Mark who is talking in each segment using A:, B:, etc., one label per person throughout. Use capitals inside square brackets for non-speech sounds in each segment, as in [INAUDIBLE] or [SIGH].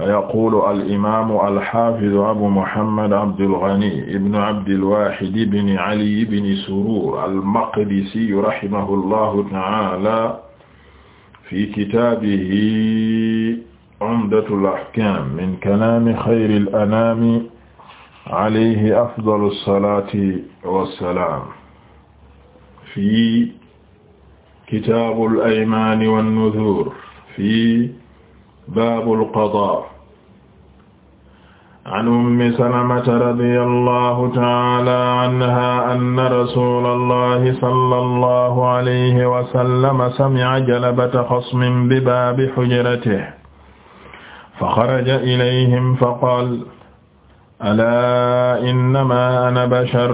A: yaqulu al'imamu alxafidu abu muhammad abdulghani ibnu abdilwahid ibni ali ibni surur almaqdisiyu rahimahullahu ta'ala fi kitaabihi umdatul ahkaam min kalaami xayril anaami alayhi afdalu salaati wa salaam fi kitaabul aymaani wan nuzuur fi baabul qadaa an ummi salamata radiyallahu ta'ala anha anna rasulallahi sallallahu alayhi wa sallam sami'a jalabata xasmin bi baabi hujratihi fa xaraja ilayhim fa qaala alaa innamaa ana bashar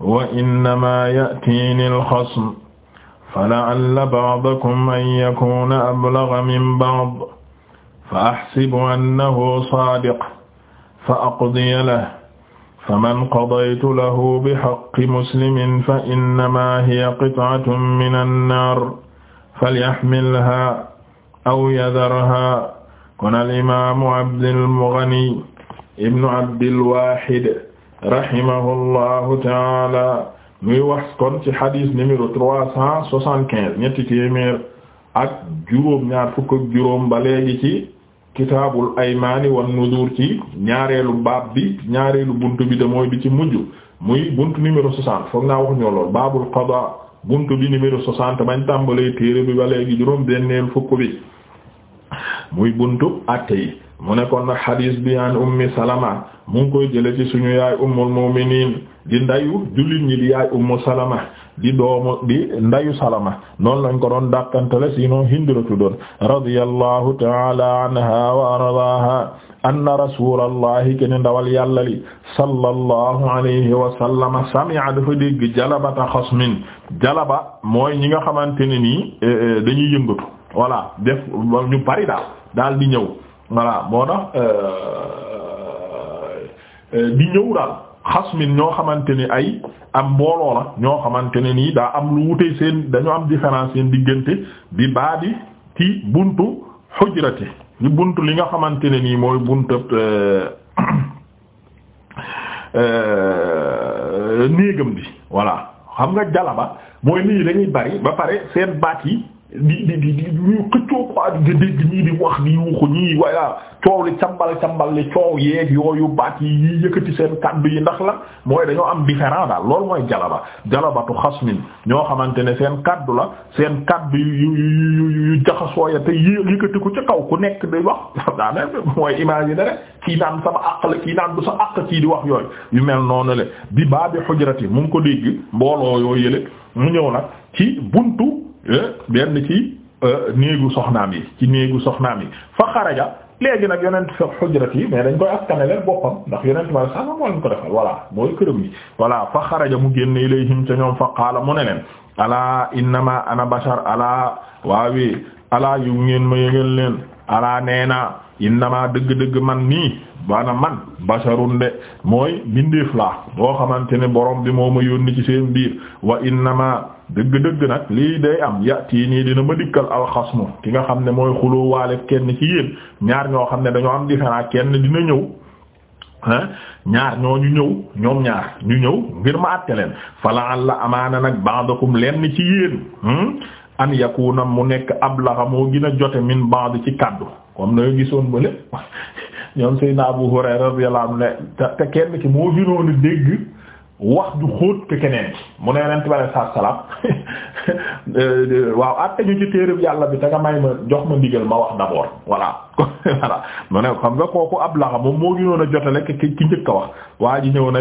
A: wa innamaa ya'tiinil xasm fala'alla ba'dakum an yakuuna ablagha min ba'd fa axsibu annahu saadiq fa aqdiya lahu faman qadaytu lahu bihaqqi muslimin fa innamaa hiya qit'atun mina nnaar falyaxmilhaa aw yadarhaa kon alimaamu Abdul Mughni ibnu Abdil Waahid rahimahullahu taala muy wax kon ci xadis numéro trois cent soixante-quinze ñetti téeméer ak juróom ñaar fukk ak juróom ba léegi ci kitaabul aymaani wan nuduur ci ñaareelu baab bi ñaareelu bunt bi de mooy bi ci mujj muy bunt numéro 60 foog naa wax ñoo lool baabul qadaa bunt bi numéro 60 bañ tàmbalee téere bi ba léegi juróom-benneel fukk bi muy bunt àtte yi mu nekkoon nag xadiis bi an ummi salama mu koy jële ci suñu yaay ummul mu'miniin di ndayu jullit ñi di yaay ummu salama di doomu di ndayu salama noonu lañ ko doon dàkkantale sinon Hind la tuddoon radiyallahu ta'ala anha wa ardaaha anna rasulallahi ken ndawal yàlla li sallallahu alayhi wa sallama sami'a dafa dégg jalabata xasmin jalaba mooy ñi nga xamante ne nii eh, eh, dañuy yëngatu voilà def ñu bari daal daal di ñëw voilà moo tax euh, euh, di ñëw daal xasmin ñoo xamante ni ay am mbooloo la ñoo xamante ne nii daa am lu wutee seen dañu am différence seen diggante bi baadi ci buntu xujrati di buntu li nga xamante ne nii mooy buntu euh, [COUGHS] euh, néegam bi voilà xam nga jalaba mooy lii dañuy bari ba pare seen baat yi di di di di ñuy di nga dégg ñii di wax di yuuxu ñii voilà ah, coow li cambal cambal li coow yeeg yooyu baat yi yiy yëkkati seen kaddu yi ndax la mooy dañoo am différent daal loolu mooy jalaba jalabatu xasmin ñoo xamante ne seen kaddu la seen kaddu yu yu yu yu jaxasoo ya te yëkkati ko ci kaw ku nekk di wax [LAUGHS] daanaka mooy image yi ne rek kii naan sama àq la kii naan du sa àq kii di wax yooyu yu mel noonu le bi baabi xujrati mu ngi ko dégg mbooloo yoo yële mu ñëw nag ci buntu. Eh, benn ci eh, néegu soxnaam yi ci néegu soxnaam yi fa xaraja léegi nag yonent sa xujrat yi mais dañ koy askanale boppam ndax yonent ma sax moo leen ko defal voilà mooy këram yi voilà fa xaraja mu mu ne leen alaa innama ana bashar alaa waawi alaa yu ngeen ma yëgal leen alaa nee naa innama dëgg-dëgg man nii bana man basharun mooy bindeef laa boo xamante ne bi moo ma yónni ci seen biir wa innama dëgg-dëgg nag lii day am ya tii nii dina ma dikkal alxasmu ki nga xam ne mooy xuloo waale kenn ci yéen ñaar ñoo xam ne dañoo am différent kenn dina ñëw ñaar ñoo ñu ñëw ñoom ñaar ñu ñëw ngir ma àtte leen fala alla amaana nag ba'dakum lenn ci yéen hmm, an yakuna mu nekk ablaxa moo gën a jote min ba'd ci kàddu comme na gisoon bële [LAUGHS] ñoom Seydina Abu Hurayra radiyallahu anhu te kenn ki moo gënoon dégg wax ju xóot ke keneen mu ne yonent bi alei salaam [LAUGHS] waaw atte ñu ci téereb yàlla bi te nga may ma jox ma ndigal ma wax d'abord voilà [LAUGHS] voilà mu ne xam nga kooku ab laxa moom moo gënoon a jotale ki ki njëkk a wax waa ji ñëw na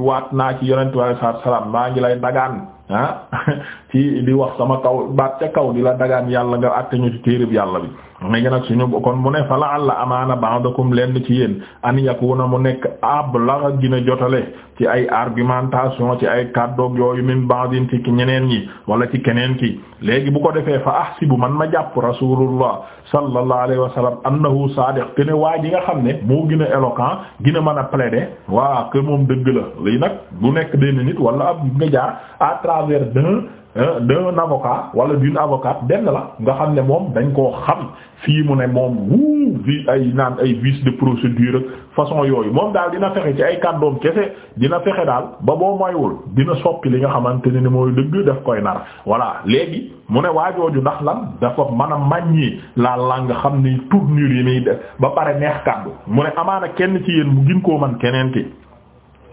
A: waat naa ci yonent bi alei salaatu salaam maa ngi lay dagaan ah [LAUGHS] ci di wax sama kaw baat ca kaw di la dagaan yàlla nga atte ñu ci téereb yàlla bi léegi nag suñu kon mu ne fa la àlla amaana ba'dakum lenn ci yéen an yakuna mu nekk ablagha gina jotale ci ay argumentation ci ay kàddoog yooyu min ba'din ci ñeneen ñi wala ci keneen ki léegi bu ko defee fa ahsibu man ma jàpp rasulullah sallallahu alayhi wa sallam annahu sadiq te ne waa ji nga xam ne moo gën a éloquent gën a mën a plaider waa kër moom dëgg la lii nag bu nekk benn nit wala ab nga jaar à travers d'un Euh, d'un avocat wala d'une avocate denn la nga xam ne moom dañ koo xam fii mu ne moom wuu vi ay naan ay vice de procédure façon yooyu moom daal dina fexe ci ay kàddoom kese dina fexe daal ba boo moywul dina soppi li nga xamante ne ni mooy dëgg daf koy nar voilà léegi mu ne waajooju ndax lan dafa mën a màññi la langue xam ni tournure yi muy def ba pare neex kàddu mu ne amaana kenn ci yéen mu gin koo man keneen ki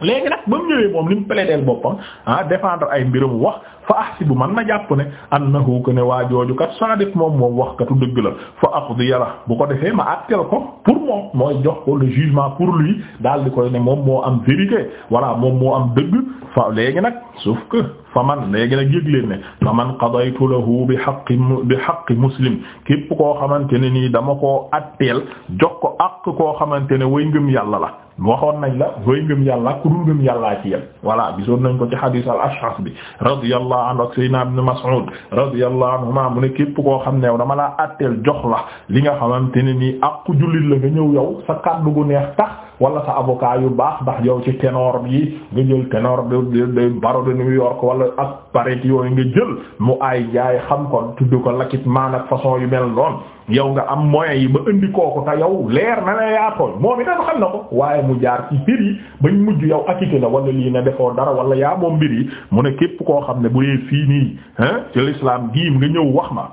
A: léegi nag ba mu ñëwee moom li mu plaideel boppam ah défendre ay mbiram wax fa ahsibu man ma jàpp ne annahu ko ne waa jooju kat sadiq moom moom wax katu dëgg la fa aqdi yàlla bu ko defee ma àtteel ko pour moom mooy jox ko le jugement pour lui daal di koy ne moom moo am vérité voilà moom moo am dëgg fa léegi nag suuf que fa man léegi nag yëg ne fa man qadaytu lahu bi haqqi bi haqqi muslim képp koo xamante ne nii dama koo àtteel jox ko àq koo xamante ne way ngëm yàlla la waxoon nañ la goy ngëm yàlla ku dul ngëm yàllaa ci yem voilà gisoon nañ ko ci hadith al ash'as bi radiyallahu anhu ak sayyidina ibn mas'ud radiyallahu anhuma mu ne képp koo xam ne dama laa atteel jox la li nga xamante ne nii ak ku jullit la nga ñëw yow sa kàddu gu neex tax wala sa avocat yu baax ndax yow ci ténor bi nga jël ténor de baro de New York wala ak paret yooyu nga jël mu ay jaay xam ko tudd ko lakit maan ak façon yu mel noonu yow nga am moyen yi ba indi kooku te yow leer na ne yaa tooñ moom itam xam na ko waaye mu jaar ci mbir yi bañ mujj yow acquitté la wala lii ne defoo dara wala yaa moom mbir yi mu ne képp koo xam ne bu dee fii nii ah ci l'islam gii nga ñëw wax ma.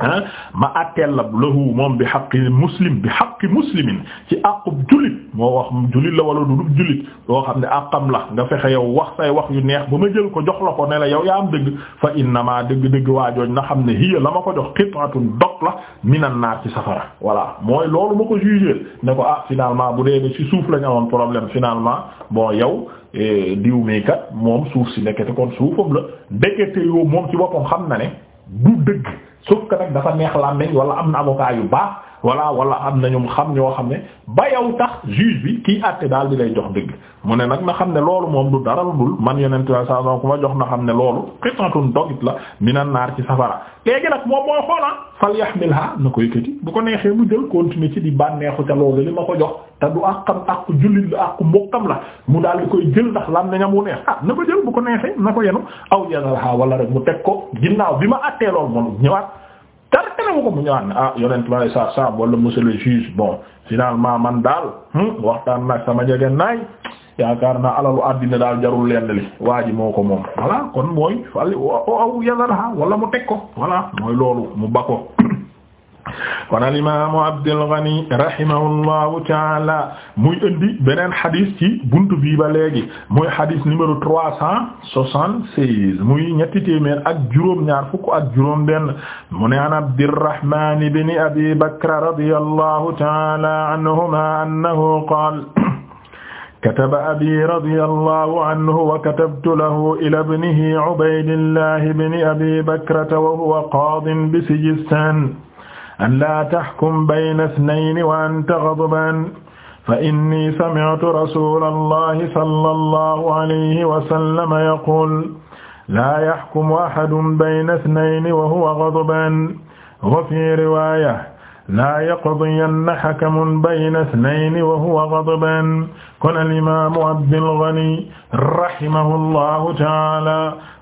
A: Ah, ma atteel la lahu moom bi xaqi muslim bi xaqi muslimin ci àqub jullit moo wax jullit la wala du julit loo xam ne àqam la nga fexe yow wax say wax yu neex ba ma jël ko jox la ko ne la yow yaa am dëgg fa innama dëgg-dëgg waajooj na xam ne hiya la ma ko jox qit'atun dog la minan naar ci safara voilà mooy loolu ma ko jugé ne ko ah finalement bu dee ci suuf la ñu amoon problème finalement bon yow eh, diw mi kat moom suuf si nekkete kon suufam la ndekete xam na sauf que nag dafa neex làmmeñ wala am na avocat yu baax voilà wala am na ñoom xam ñoo xam ne ba yow tax juge bi kii àtte daal di lay jox dëgg mu ne nag na xam ne loolu moom du dara lu dul man yonent la saa ku ma jox na xam ne loolu xitatun la la minan naar ci safara léegi nag moom mooy xoola ah, fal yahmilha na ko yëkkati bu ko neexee mu jël continuer ci di bànneexu ca loolu li ma ko jox te du àqam àqu jullit la àqu mbokkam la mu daal di koy jël ndax lan naña mu neex ah na ko jël bu ko neexee na ko yenu aw yanalha wala rek mu teg ko ginnaaw bi ma àttee loolu moom kar kanamu ko mu ñëwaat a ah yonent bale sar sab wala monsieur le juge bon finalement man daal hmm, waxtaan na sama jege naay yaakaar na alalu àddina daal jarul lenn li waa ji moo ko moom voilà kon mooy fali aw yadar ha wala mu teg ko voilà mooy loolu mu ba kon al imaamu Abdul Ghani rahimahullahu taala muy indi beneen xadis ci buntu bii ba léegi muy xadis numéro trois cent soixante-seize muy ñetti téeméer ak juróom-ñaar fukk ak juróom-benn mu ne an Abdurrahman ibn Abi Bakr radiyallahu taala anhuma annahu qaala kataba abii radiyallahu anhu wa katabtu lahu ilaa ibnihi Ubaydillahi ibni Abii Bakrata wa huwa qaadin bi Sijistaan an laa taxkum bayna ithnayni wa anta ghadbaan fa inni sami'tu rasuulallahi sallallahu alayhi wa sallam yaquul laa yaxkumu axadun bayna ithnayni wa huwa ghadbaan wa fii riwaaya laa yaqdiyanna xakamun bayna isnayni wa huwa gadbaan kon alimaamu Abdul Ghani rahimahullahu taala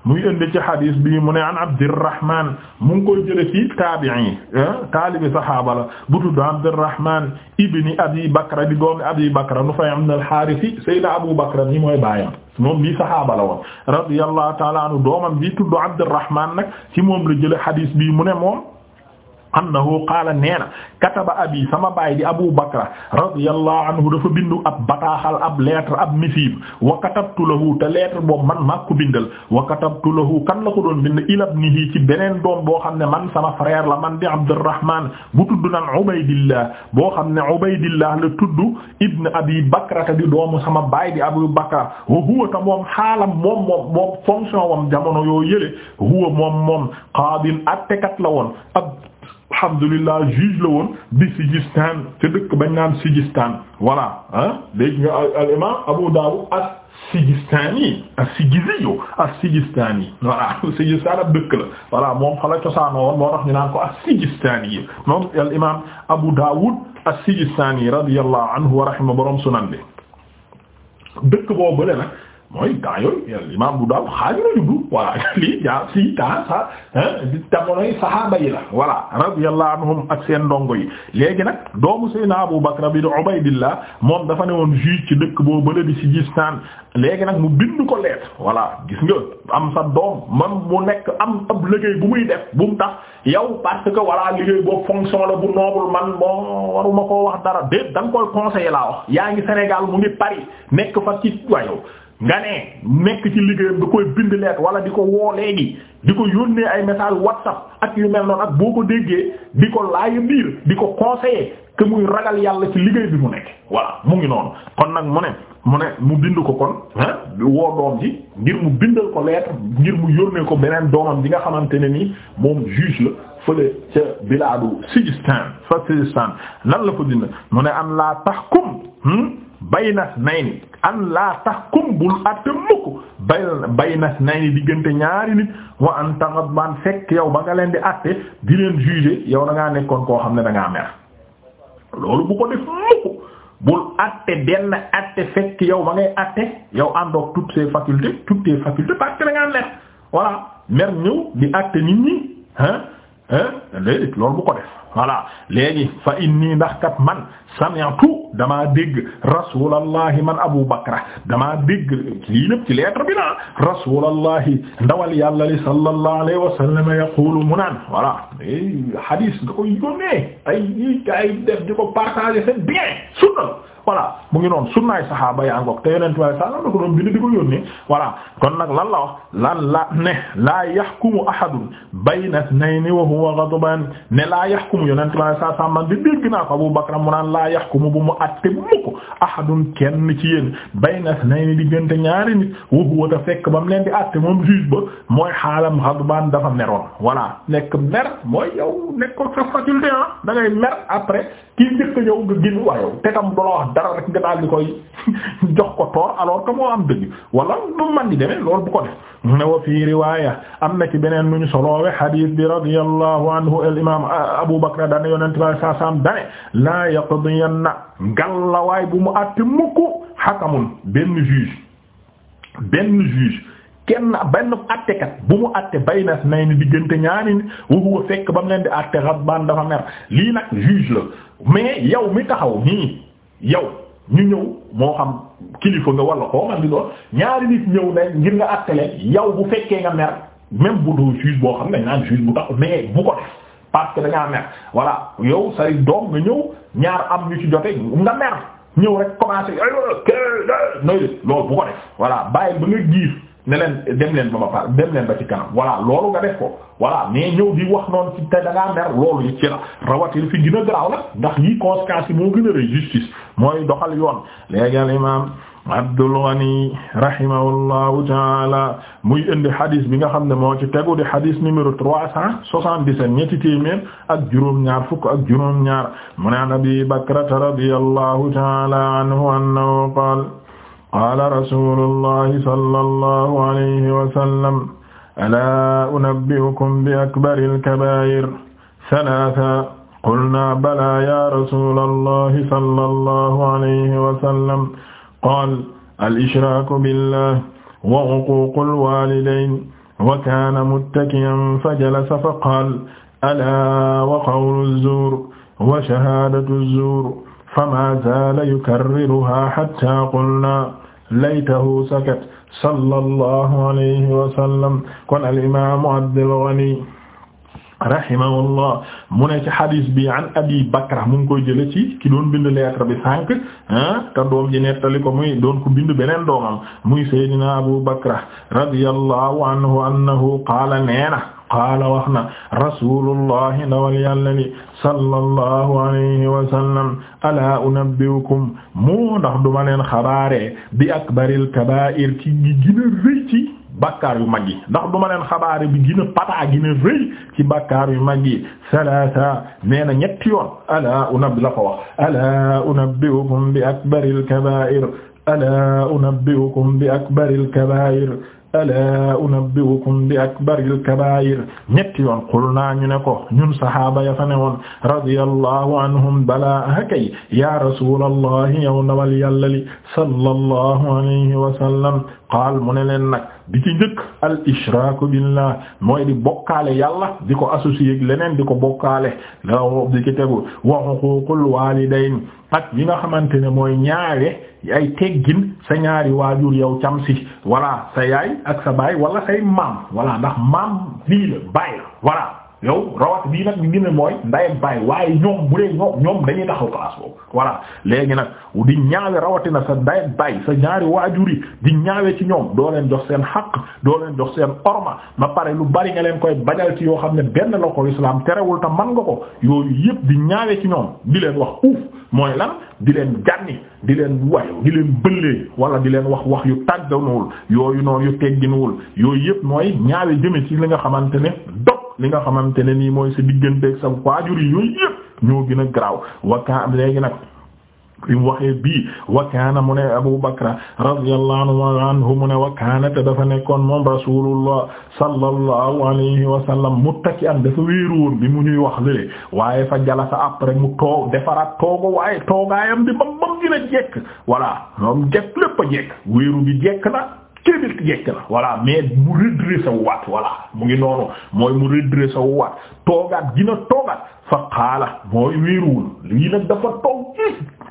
A: muy indi ci xadis bii mu ne an Abdirrahman mu ngi koy jëlee ci taabi'i eh, taalibi saxaaba la bu tudd Abdirrahman ibni Abi Bakra di doomi Abi Bakra Nufay ibn al-Haarisi Sayyidina Abu Bakra ni mooy baayam moom bi saxaaba la woon radiyallahu taala anhu doomam bi tudd Abdirrahman nag ci moom la jëlee xadis bii mu ne moom. annahu qaala nee na kataba abi sama baay di Abu Bakra radiyallahu anhu dafa bindu ab bataaxal ab lettre ab missive wa katabtu lahu te lettre boobu man maa ko bindal wa katabtu lahu kan la ko doon bind ila ibnihi ci beneen doon boo xam ne man sama frère la man di Abdurrahman bu tudd naan Ubaydillah boo xam ne Ubaydillah la tudd ibn Abi Bakra te di doomu sama baay di Abu Bakra wa huwa ta moom xaalam moom moom fonction wam jamono yoo yële huwa moom moom qaadin attekat la woon alhamdulillah juge la woon bi Sijistaan te dëkk bañ naan Sijistaan voilà ah léegi al imam Abu Dawud as-Sijistaani as-Sijiziyu as-Sijistaani voilà [LAUGHS] Sijistaan ab dëkk la voilà moom xala cosaanoo al imam Abu Dawud as-Sijistaani radiyallahu anhu wa rahima borom sunan dëkk boobu mooy temps yooyu imaam bu daal xaaju la juddu voilà [LAUGHS] lii jaar saxaaba yi la voilà radiyallahu anhum ak seen ndongo yi léegi nag doomu Seydina Abu Bakr bi di Ubaydillah moom dafa ne woon juge ci dëkk boo bële di Sijistaan léegi nag mu bind ko leet voilà gis nga am sa doom man mu nekk am ab liggéey bu muy def bu mu tax yow parce que voilà liggéey boo fonction la bu noble man moo waruma ko wax dara déet da nga koy conseiller laa wax yaa ngi Sénégal mu ngi Paris nekk fa ci wayo nga ne nekk ci liggéeyam da koy bind leet wala di ko woo léegi di ko yónnee ay message whatsapp ak yu mel noonu ak boo ko déggee di ko laaj biir di ko conseiller que muy ragal yàlla ci liggéey bi mu nekk voilà mu ngi noonu kon nag mu ne mu ne mu bind ko kon ah woo doom ji ngir mu bindal ko lettre ngir mu yónnee ko beneen doomam bi nga xamante ne ni moom juge la fële ca bilaadu Sijistan fa Sijistan nan la ko bind mu ne an laa taxkum hmm? bayna nayni an laa tahkum bul atte mukk bay bayna nayni diggante ñaari nit wa an taghadban fekk yow ba nga leen di atte di leen juger yow da ngaa nekkoon koo xam ne da mer loolu bu ko def mukk bul atte benn atte fekk yow ba ngay atte yow àndoog toutes ses facultés toutes tes facultés parce que da mer ñëw di atte nit ñi hein léegi loolu bu ko def voilà léegi fa inni ndax kat man sami'tu damaa dégg rasulallahi man Abu Bakra damaa dégg lii lépp ci lettre bi naa rasulallahi ndawal yàlla li sallallahu alayhi wa sallam yaqulu mu naan voilà hadis da koy yónnee ay ay def di ko partager c'est bien sunna voilà mu ngi noonu sunnaay saxaaba yaa ngoog te yonent waaye sax la ko doon bind di ko yónnee voilà kon nag lan la wax lan la ne laa yaxkumu ahadun bayna ithnayni wa huwa ghadbaan ne laa yaxkumu yonent waaye sax sax man di dégg naa ko Abu Bakr mu naan laa yaxkumu bu mu àtte mukk ahadun kenn ci yéen bayna ithnayni diggante ñaari nit wa huwa ta fekk ba mu leen di àtte moom juge ba mooy xaalam ghadbaan dafa meroon voilà nekk mer mooy yow nekk ko sa faculté ah da ngay mer après kii njëkk ñëw nga gën waaye te tam du dara rek nga daal di koy [LAUGHS] jox ko toor alors que moo am dëgg wala lu man di demee loolu bu ko def ne wa fii riwaya am na ci beneen lu ñu soloowe hadith bi radiyallahu anhu al imam Abu Bakr dane yonente bi saa saam dane laa yaqdiyanna ngallawaay bu mu àtte mukk hakamun benn juge benn juge kenn benn attekat bu mu atte baynas nay ni diggante ñaari ni waxuwa fekk ba mu leen di atte dafa mer lii nag juge la mais yow mi taxaw nii yow ñu ñëw moo xam kilifa nga walla koo man di doon ñaari nit ñëw ne ngir nga atteleen yow bu fekkee nga mer même bu doo juge boo xam ne naan juge bu tax mais bu ko def parce que da ngaa mer voilà yow say doom nga ñëw ñaar am ñu ci jote nga mer ñëw rek commencé ay eh, noy de loolu bu ko def voilà bàyyi ba nga giif ne leen dem leen ba ma par dem leen ba loolu nga def ko voilà mais ñëw di wax noonu te mer loolu yi ci la rawatina fi gën a garaaw nag ndax yii conséquences yi moo gën a rëy justice mooy doxal yoon léegi al imaam Abdul Ghani rahimahullahu taala muy indi hadis bi nga xam ne moo ci tegu di hadis numéro trois cent soixante-dix-sept ñetti téeméer ak juróom-ñaar fukk ak juróom-ñaar mu ne an Abi Bakrata radiyallahu taala anhu annahu qaala qaala rasuulullahi sallallahu alayhi wa sallam alaa unabbi'ukum bi akbaril kabaa'ir salaasa qulnaa balaa yaa rasuulallahi sallallahu alayhi wa sallam qaala al-ishraaku billahi wa uquuqul waalidayni wa kaana muttaki'an fajalasa faqaala alaa wa qawlu zuur wa shahaadatu zuur fama zaala yukarriruha hatta qulna laytahu sakat sallallahu alayhi wa sallam kon al imaamu Abdul Ghani rahimahullah mu ne ci hadis bi an abi bakra mu ngi koy jële ci ki doon bind lettre bi sànq ah te doom ji nettali ko muy doon ko bind beneen doomam muy sayyidina abu bakra radiyallahu anhu annahu qaala neena qaala wax na rasulullahi ndawal yàlla li sallallahu alayhi wa sallam alaa unabbiukum moo ndax duma leen xabaare bi akbaril kabaa'ir ci gi gën a rëy ci bàkkaar yu mag yi ndax duma leen xabaare bi gën a pataa gën a rëy ci bàkkaar yu mag yi salaasa nee na ñetti yoon alaa unab la ko wax alaa unabbiukum bi akbaril kabaa'ir alaa unabbiukum bi akbaril kabaa'ir alaa unabbi'ukum bi akbaril kabaa'ir ñetti yoon qulnaa ñu ne ko ñun saxaaba ya fa ne woon radiyallahu anhum balaa hakay yaa rasuulallahi yow ndawal yàlla li sallallahu alayhi wa sallam qaal mu ne leen nag bi ci njëkk al ishraaku billah mooy di bokkaale yàlla di ko associé leneen di ko bokkaale la di ci tegu wa huquuqul waalidayn ak yi nga xamante ne mooy ñaare ay teggin sa ñaari waajur yow cam si walla sa yaay ak sa baay wala say maam wala ndax maam lii la baay la yow rawat bii nag ngi ne mooy nday baay waaye ñoom bu dee ñoom dañuy taxaw place boobu voilà léegi nag di ñaawe rawatina sa nday baay sa ñaari waajur yi di ñaawe ci ñoom doo leen jox seen xaq doo leen jox seen orma ma pare lu bari nga leen koy bañal ci yoo xam ne benn la ko islam terewul te man nga ko yooyu yëpp di ñaawe ci ñoom di leen wax uuf mooy lan di leen gànni di leen wayo di leen bëllee wala di leen wax wax yu tàgganuwul yooyu noonu yu tegginuwul yooyu yëpp mooy ñaawe jëme xamante ne li nga xamante ne nii mooy sa digganteeg sa waajur yi yooyu yëpp ñoo gën a garaaw wakka léegi nag bi mu waxee bii wa kaana mu ne Abu Bakra radiyallahu anhu mu ne wa kaana te dafa nekkoon moom rasulullah sallallahu alayhi wa sallam muttaki'an dafa wéeru woon bi mu ñuy wax lële waaye fa jalasa après mu toog defaraat toogo waaye toogaayam bi bam bam gën a jekk voilà jekk lépp a jekk wéeru bi jekk na kéebil jekk na voilà mu redressé waat voilà mu ngi noonu mooy mu redressé waat toogaat gina toogaat fa qaala mooy wéeruwul lii nag dafa toog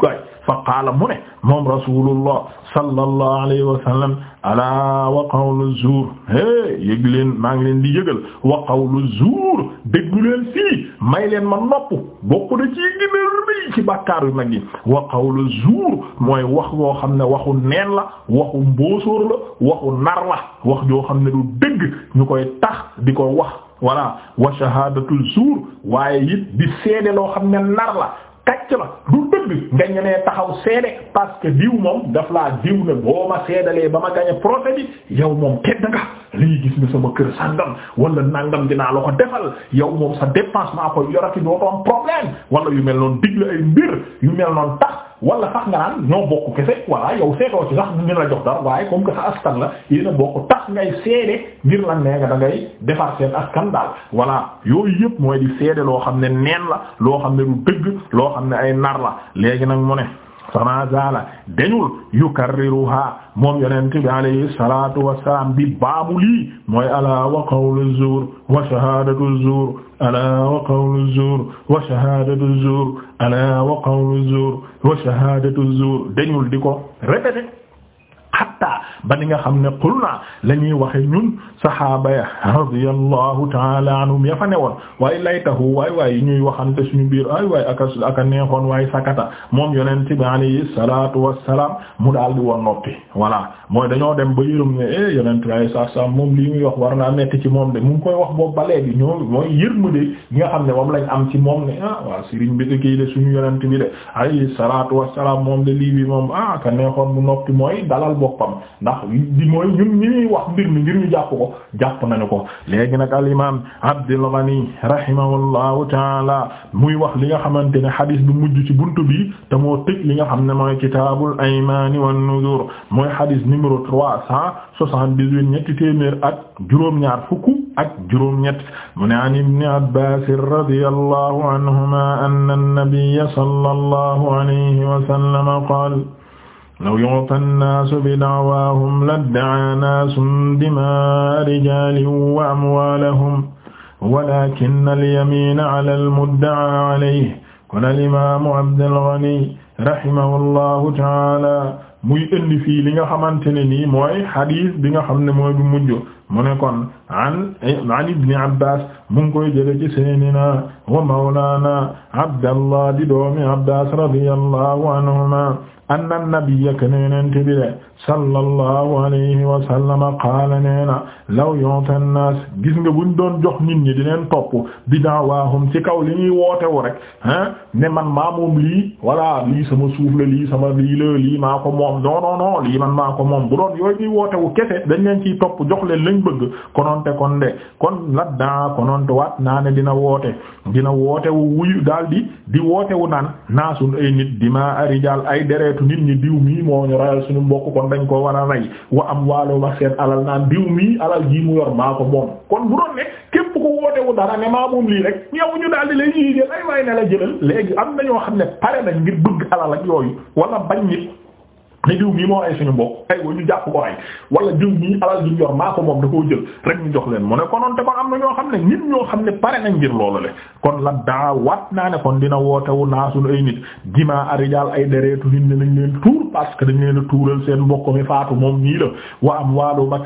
A: kay fa qaala mu ne moom rasulullah sallallahu alayhi wa sallam alaa wa qawlu zuur é yëg leen maa ngi leen di yëgal wa qawlu zuur déggu leen fii may leen ma nopp bokku da ci gën a rëy ci bàkkaar yu mag yi wa qawlu zuur mooy wax yoo xam ne waxu neen la waxu mbóosóor la waxu nar la wax joo xam ne du dëgg ñu koy tax di ko wax voilà wa shahadatul zuur waaye it di seede loo xam ne nar la kacc la du dëgg nga ñemee taxaw seede parce que diw moom daf laa diw ne boo ma seedalee ba ma gañe procès bi yow moom tedd nga lii gis nga sama kër sangam wala nàngam dinaa la ko defal yow moom sa dépense maa koy yorati doo am problème wala yu mel noonu digle ay mbir yu mel noonu tax wala sax nga naan ñoo bokk kese voilà yow seetoo ci sax ñu la jox dara waaye comme que sa askan la yéen a bokk tax ngay seede ngir lan nee nga da ngay defar seen askan daal voilà yooyu yëpp mooy di seede loo xam ne neen la loo xam ne du dëgg loo xam ne ay nar la léegi nag mu ne fama zala dañul yukarriruha moom yonent bi alayhi salatu wassalam bi baabu lii mooy ala wa qawlu zur wa shahadatu zur ala wa qawlu zur wa shahadatu zur ala wa qawlu zuur wa shahaadatu zuur dañul di ko répété ba ni nga xam ne qulna la ñuy waxe ñun sahaaba ya radiyallahu taala anhum ya fa ne woon waay laytahu waay waay yi ñuy waxante ñu biir ay waay aka aka neexoon waay sakata moom yonent bi alayhi salatu wassalaam mu daal di woon noppi mooy dañoo dem ba yërëm ne eh, moom lii muy wax war naa nekk ci moom de mu ngi wax boobu ba léegi ñoo mooy yërmande nga xam ne moom lañ am ci moom ne ah, kii suñu yonent bi de alayhi moom de moom ah aka neexoon mu noppi mooy dalal boppam ndax di mooy ñun mi ngir ñu jàpp ko jàpp ko léegi nag al imam Abdul Ghani rahimahullahu taala muy wax li nga xamante ne xadis bu mujj ci buntu bi te moo tëj li nga xam ne mooy kitaabul aymaani wan nuzur mooy xadis numéro trois cent soixante-dix-huit ñetti téeméer ak juróom-ñaar fukk ak juróom-ñett mu ne an ibn Abbaas radiyallahu anhuma anna an-nabiyya sallallahu alayhi wa sallam law yu'ta nnaasu bi da'waahum ladda'aa naasun dimaa rijaalin wa amwaalahum walaakinna al-yamiina 'alaa al-mudda'aa 'alayhi kon al-imaamu Abdul Ghani rahimahullahu ta'aala muy indi fii li nga xamante ne nii mooy xadiis bi nga xam ne mooy bu mujj mu ne kon an an ibni abbas mu ngi koy jële ci seydina wa mawlaana abdallah di doomi abbas radiyallahu anhuma anna nabiyya kana yonent bi sallallahu alayhi wa sallam qaala nee na law yu'ta an gis nga buñ doon jox nit ñi di leen topp waa da'waahum ci kaw li ñuy wootewu rek ah ne man maa moom lii voilà lii sama suuf la lii sama lii la lii maa ko moom non non lii man maa ko moom bu doon yooyu ñuy wootewu kese dañ leen ciy topp jox leen lañ bëgg kononte kon de kon la daa kononte waat naa ne dina woote dina wootewu wuyu daal di di wootewu naan naasun ay nit dima arijaal ay deretu nit ñi diw mii moo ñu rayal suñu dañ ko war a rey wa am waalo ma seen alal naan diw mii alal gii mu yor maa ko moom kon bu doon ne képp ku wootewu dara ne maa moom lii rek yow ñu daal di lay yii jël ay waay ne la jëlal léegi am na ñoo xam ne pare nañ ngir bëgg alal ak yooyu wala bañ nit ne diw mii moo ay suñu mbokk aywa ñu jàpp ko ay wala diw mii alal duñ yor maa ko moom da koo jël rek ñu jox leen mu ne konoon te kon am na ñoo xam ne nit ñoo xam ne pare nañ ngir loolu le kon la daa naa ne kon dina wootewu naasuñu ay nit jima arijaal nañ leen parce que dañ leen a tuural seen mbokk mi faatu moom nii la wa am waalo mag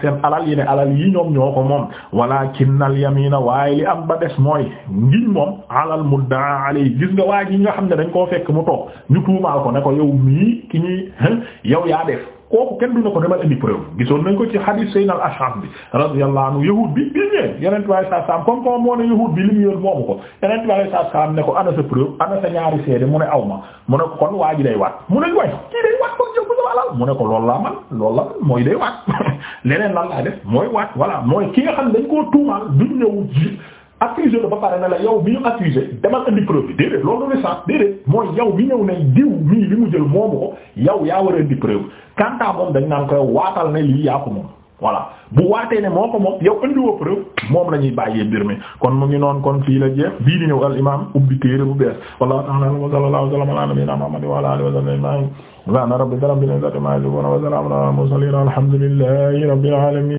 A: yi ne alal yi ñoom ñoo ko moom walakinnal yamina waaye li am ba des mooy ngiñ moom alal muddaa alay gis nga waa gi nga xam ne dañ koo fekk mu toog ñu tuumaal ko ne ko yow mii ki ñuy yow yaa def kooku kenn du na ko demal indi preuve gisoon nañ ko ci hadith Sayyid al-Ash'ath bi radiyallahu anhu yahud bi bi ñëwee yeneen tubaab yi saa saam comme comme moo ne yahud bi li mu yoon ko yeneen tubaab yi saa saam ne ko ana sa preuve ana sa ñaari seede mu ne aw ma mu ne ko kon waa ji day waat mu ne ñu waay kii day waat kon jëm ko sama alal mu ne ko loolu la man loolu la mooy day waat [LAUGHS] leneen lan laa def mooy waat voilà mooy ki nga xam dañ koo tuumaal duñ ñëw accusé la ba pare ne la yow bi ñu accusé demal indi preuve bi déedéet loolu licence déedéet mooy yow bi ñëw ne diw mii li mu jël moomu ko yow yaa war a indi preuve moom dañ naan koy waatal na lii yaa ko moom voilà bu waatee ne moo ko moom yow indiwoo preuve moom la ñuy bàyyee mbir mi kon mu ngi noonu kon fii la jeex bii di ñëw al imam ubbi téere bu bees wallahu ta'ala wa sallallahu wa sallam ala alhamdulillahi rabbil alamin